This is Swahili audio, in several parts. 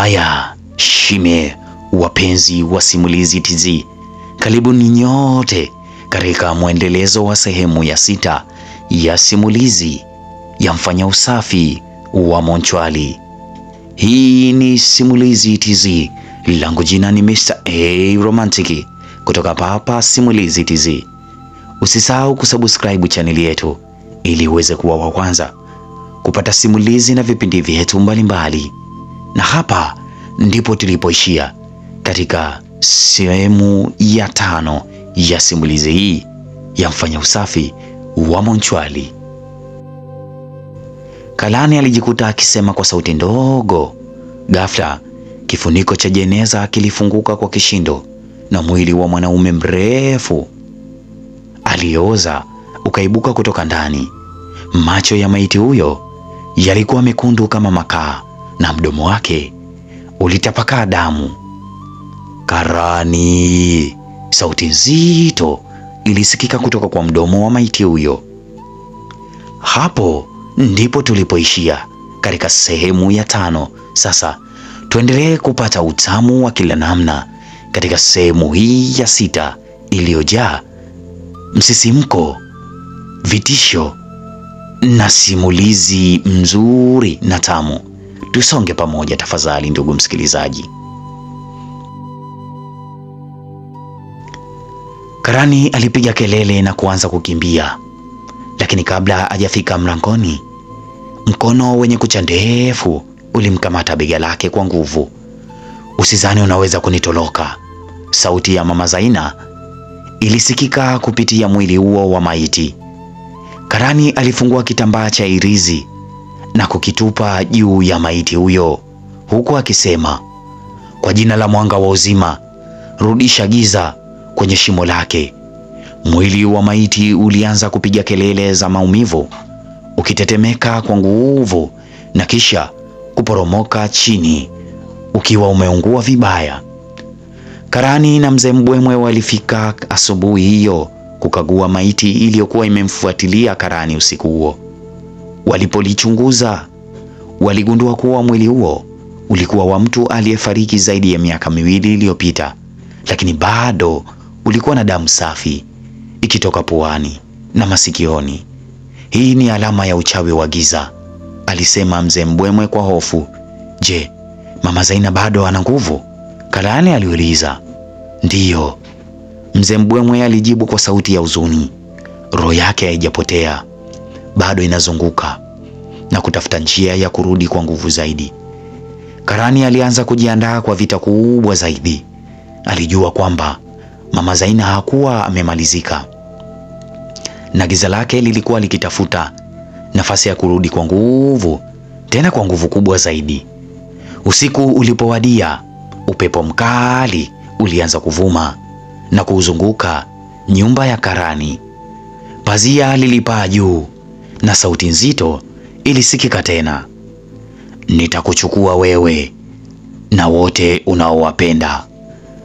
Haya shime, wapenzi wa Simulizi Tz, karibuni nyote katika mwendelezo wa sehemu ya sita ya simulizi ya mfanya usafi wa Monchwali. Hii ni Simulizi Tz, langu jina ni Mr. A Romantic kutoka papa Simulizi Tz. Usisahau kusubscribe chaneli yetu ili uweze kuwa wa kwanza kupata simulizi na vipindi vyetu mbalimbali. Na hapa ndipo tulipoishia katika sehemu ya tano ya simulizi hii ya mfanya usafi wa Monchwali. Kalani alijikuta akisema kwa sauti ndogo. Ghafla kifuniko cha jeneza kilifunguka kwa kishindo na mwili wa mwanaume mrefu aliyooza ukaibuka kutoka ndani. Macho ya maiti huyo yalikuwa mekundu kama makaa na mdomo wake ulitapakaa damu. Karani, sauti nzito ilisikika kutoka kwa mdomo wa maiti huyo. Hapo ndipo tulipoishia katika sehemu ya tano. Sasa tuendelee kupata utamu wa kila namna katika sehemu hii ya sita iliyojaa msisimko, vitisho na simulizi nzuri na tamu. Tusonge pamoja tafadhali, ndugu msikilizaji. Karani alipiga kelele na kuanza kukimbia, lakini kabla hajafika mlangoni, mkono wenye kucha ndefu ulimkamata bega lake kwa nguvu. Usizani unaweza kunitoloka sauti ya mama Zaina ilisikika kupitia mwili huo wa maiti. Karani alifungua kitambaa cha irizi na kukitupa juu ya maiti huyo, huku akisema, kwa jina la mwanga wa uzima, rudisha giza kwenye shimo lake. Mwili wa maiti ulianza kupiga kelele za maumivu, ukitetemeka kwa nguvu na kisha kuporomoka chini ukiwa umeungua vibaya. Karani na mzee Mbwemwe walifika asubuhi hiyo kukagua maiti iliyokuwa imemfuatilia Karani usiku huo. Walipolichunguza waligundua kuwa mwili huo ulikuwa wa mtu aliyefariki zaidi ya miaka miwili iliyopita, lakini bado ulikuwa na damu safi ikitoka puani na masikioni. Hii ni alama ya uchawi wa giza, alisema mzee Mbwemwe kwa hofu. Je, mama Zaina bado ana nguvu? Kalaani aliuliza. Ndiyo, mzee Mbwemwe alijibu kwa sauti ya huzuni. Roho yake haijapotea, bado inazunguka na kutafuta njia ya kurudi kwa nguvu zaidi. Karani alianza kujiandaa kwa vita kubwa zaidi. Alijua kwamba Mama Zaina hakuwa amemalizika na giza lake lilikuwa likitafuta nafasi ya kurudi kwa nguvu, tena kwa nguvu kubwa zaidi. Usiku ulipowadia, upepo mkali ulianza kuvuma na kuuzunguka nyumba ya Karani. Pazia lilipaa juu na sauti nzito ilisikika tena, nitakuchukua wewe na wote unaowapenda.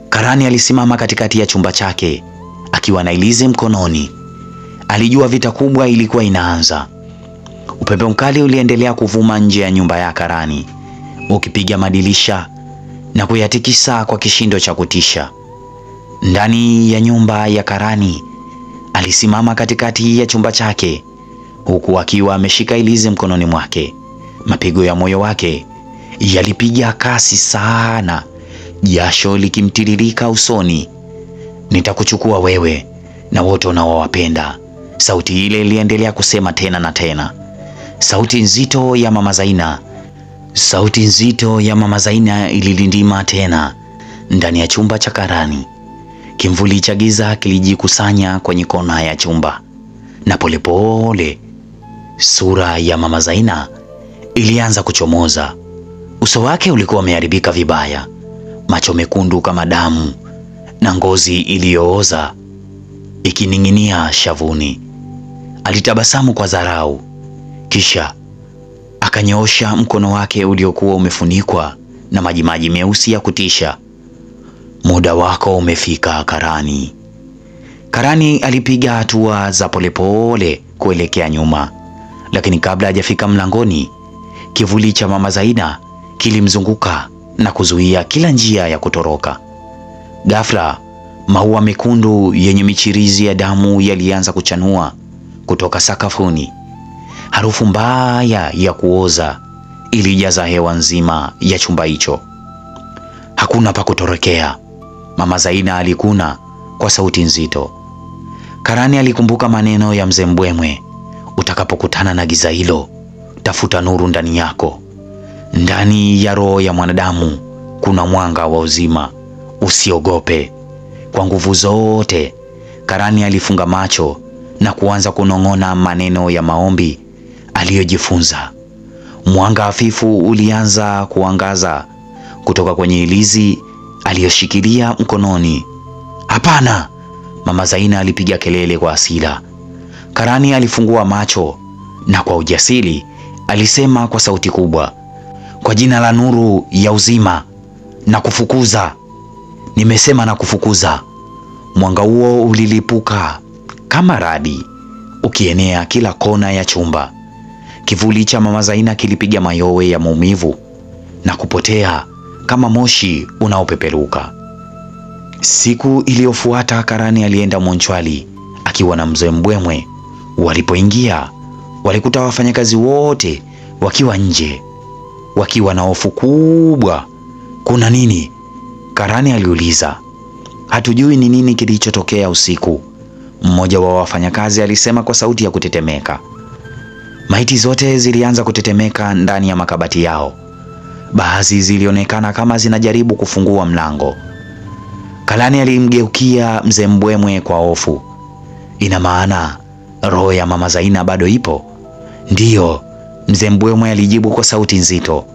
Karani alisimama katikati ya chumba chake akiwa na ilizi mkononi. Alijua vita kubwa ilikuwa inaanza. Upepo mkali uliendelea kuvuma nje ya nyumba ya Karani ukipiga madirisha na kuyatikisa kwa kishindo cha kutisha. Ndani ya nyumba ya Karani alisimama katikati ya chumba chake huku akiwa ameshika ilizi mkononi mwake. Mapigo ya moyo wake yalipiga kasi sana, jasho likimtiririka usoni. Nitakuchukua wewe na wote unaowapenda, sauti ile iliendelea kusema tena na tena, sauti nzito ya mama Zaina, sauti nzito ya mama Zaina ililindima tena ndani ya chumba cha Karani. Kimvuli cha giza kilijikusanya kwenye kona ya chumba na polepole pole, Sura ya mama Zaina ilianza kuchomoza. Uso wake ulikuwa umeharibika vibaya, macho mekundu kama damu na ngozi iliyooza ikining'inia shavuni. Alitabasamu kwa dharau, kisha akanyoosha mkono wake uliokuwa umefunikwa na majimaji meusi ya kutisha. Muda wako umefika, Karani. Karani alipiga hatua za polepole kuelekea nyuma lakini kabla hajafika mlangoni, kivuli cha mama Zaina kilimzunguka na kuzuia kila njia ya kutoroka. Ghafla, maua mekundu yenye michirizi ya damu yalianza kuchanua kutoka sakafuni. Harufu mbaya ya kuoza ilijaza hewa nzima ya chumba hicho. Hakuna pa kutorokea, mama Zaina alikuna kwa sauti nzito. Karani alikumbuka maneno ya mzee Mbwemwe Utakapokutana na giza hilo, tafuta nuru ndani yako. Ndani ya roho ya mwanadamu kuna mwanga wa uzima. Usiogope. Kwa nguvu zote, Karani alifunga macho na kuanza kunong'ona maneno ya maombi aliyojifunza. Mwanga hafifu ulianza kuangaza kutoka kwenye ilizi aliyoshikilia mkononi. Hapana! Mama Zaina alipiga kelele kwa hasira. Karani alifungua macho na kwa ujasiri alisema kwa sauti kubwa, kwa jina la nuru ya uzima na kufukuza, nimesema na kufukuza. Mwanga huo ulilipuka kama radi ukienea kila kona ya chumba. Kivuli cha mama Zaina kilipiga mayowe ya maumivu na kupotea kama moshi unaopeperuka. Siku iliyofuata Karani alienda Monchwali akiwa na mzee Mbwemwe Walipoingia walikuta wafanyakazi wote wakiwa nje wakiwa na hofu kubwa. Kuna nini? Karani aliuliza. Hatujui ni nini kilichotokea usiku, mmoja wa wafanyakazi alisema kwa sauti ya kutetemeka. Maiti zote zilianza kutetemeka ndani ya makabati yao, baadhi zilionekana kama zinajaribu kufungua mlango. Karani alimgeukia mzee Mbwemwe kwa hofu. Ina maana roho ya mama Zaina bado ipo? Ndiyo, mzee Mbwemwe alijibu kwa sauti nzito.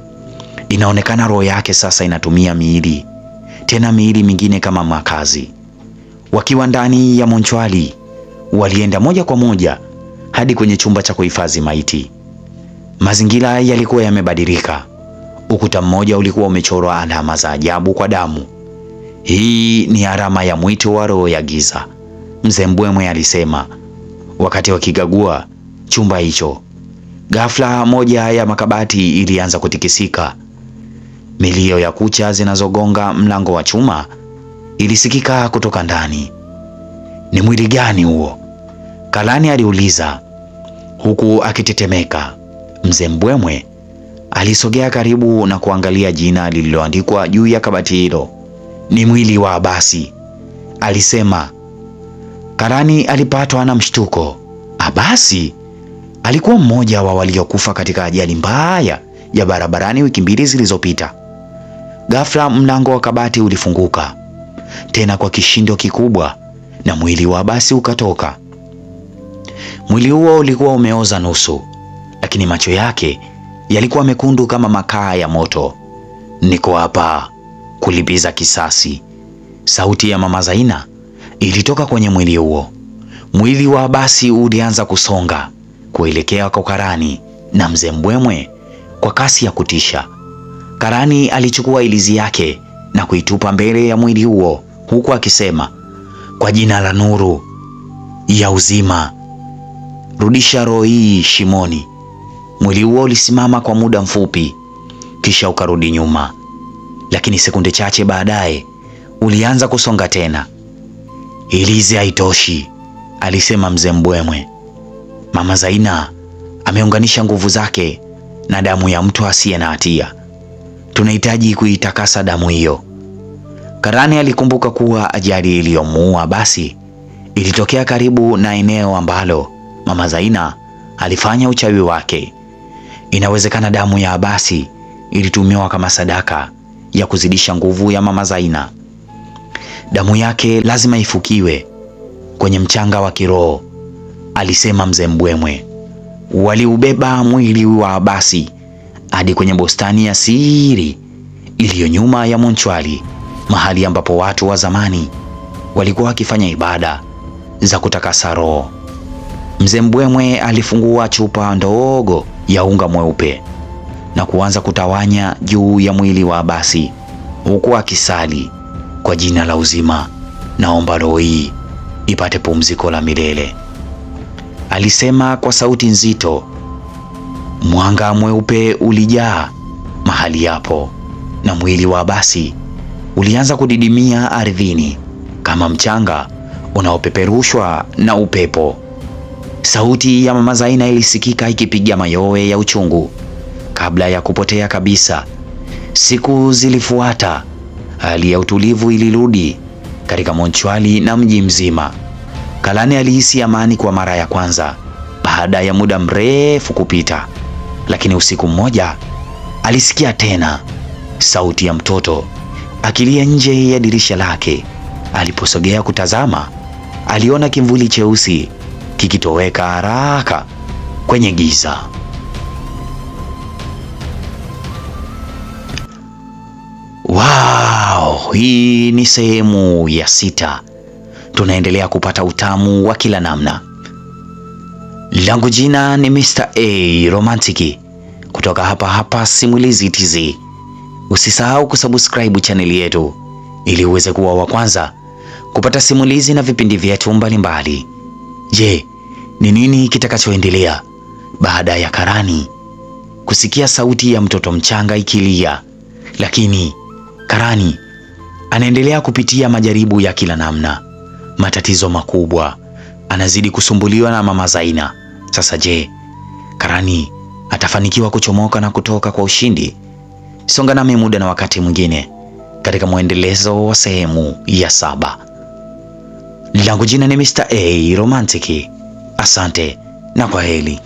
Inaonekana roho yake sasa inatumia miili, tena miili mingine kama makazi. Wakiwa ndani ya monchwali, walienda moja kwa moja hadi kwenye chumba cha kuhifadhi maiti. Mazingira yalikuwa yamebadilika. Ukuta mmoja ulikuwa umechorwa alama za ajabu kwa damu. Hii ni alama ya mwito wa roho ya giza, mzee Mbwemwe alisema, wakati wakigagua chumba hicho. Ghafla moja ya makabati ilianza kutikisika. Milio ya kucha zinazogonga mlango wa chuma ilisikika kutoka ndani. Ni mwili gani huo? Kalani aliuliza huku akitetemeka. Mzee Mbwemwe alisogea karibu na kuangalia jina lililoandikwa juu ya kabati hilo. Ni mwili wa Abasi, alisema Karani alipatwa na mshtuko. Abasi alikuwa mmoja wa waliokufa katika ajali mbaya ya barabarani wiki mbili zilizopita. Ghafla mlango wa kabati ulifunguka tena kwa kishindo kikubwa, na mwili wa Abasi ukatoka. Mwili huo ulikuwa umeoza nusu, lakini macho yake yalikuwa mekundu kama makaa ya moto. Niko hapa kulipiza kisasi, sauti ya mama Zainab ilitoka kwenye mwili huo. Mwili wa Abasi ulianza kusonga kuelekea kwa karani na mzee Mbwemwe kwa kasi ya kutisha. Karani alichukua ilizi yake na kuitupa mbele ya mwili huo huku akisema, kwa jina la nuru ya uzima, rudisha roho hii shimoni. Mwili huo ulisimama kwa muda mfupi, kisha ukarudi nyuma, lakini sekunde chache baadaye ulianza kusonga tena. Ilize haitoshi, alisema mzee Mbwemwe. Mama Zaina ameunganisha nguvu zake na damu ya mtu asiye na hatia. Tunahitaji kuitakasa damu hiyo. Karani alikumbuka kuwa ajali iliyomuua basi ilitokea karibu na eneo ambalo Mama Zaina alifanya uchawi wake. Inawezekana damu ya Abasi ilitumiwa kama sadaka ya kuzidisha nguvu ya Mama Zaina damu yake lazima ifukiwe kwenye mchanga wa kiroho, alisema mzee Mbwemwe. Waliubeba mwili wa Abasi hadi kwenye bustani ya siri iliyo nyuma ya Monchwali, mahali ambapo watu wa zamani walikuwa wakifanya ibada za kutakasa roho. Mzee Mbwemwe alifungua chupa ndogo ya unga mweupe na kuanza kutawanya juu ya mwili wa Abasi huku akisali kwa jina la uzima, naomba roho hii ipate pumziko la milele. Alisema kwa sauti nzito. Mwanga mweupe ulijaa mahali hapo na mwili wa Abasi ulianza kudidimia ardhini kama mchanga unaopeperushwa na upepo. Sauti ya mama Zaina ilisikika ikipiga mayowe ya uchungu kabla ya kupotea kabisa. Siku zilifuata Hali ya utulivu ilirudi katika Monchwali na mji mzima. Kalane alihisi amani kwa mara ya kwanza baada ya muda mrefu kupita, lakini usiku mmoja alisikia tena sauti ya mtoto akilia nje ya dirisha lake. Aliposogea kutazama, aliona kimvuli cheusi kikitoweka haraka kwenye giza. Wow. Wow, hii ni sehemu ya sita. Tunaendelea kupata utamu wa kila namna. Langu jina ni Mr. A Romantic kutoka hapa hapa Simulizi Tz. Usisahau kusubscribe chaneli yetu ili uweze kuwa wa kwanza kupata simulizi na vipindi vyetu mbalimbali. Je, ni nini kitakachoendelea baada ya Karani kusikia sauti ya mtoto mchanga ikilia? Lakini Karani Anaendelea kupitia majaribu ya kila namna, matatizo makubwa, anazidi kusumbuliwa na mama Zaina. Sasa je, Karani atafanikiwa kuchomoka na kutoka kwa ushindi? Songa nami muda na wakati mwingine katika mwendelezo wa sehemu ya saba. Langu jina ni Mr. A Romantic. Asante na kwa heri.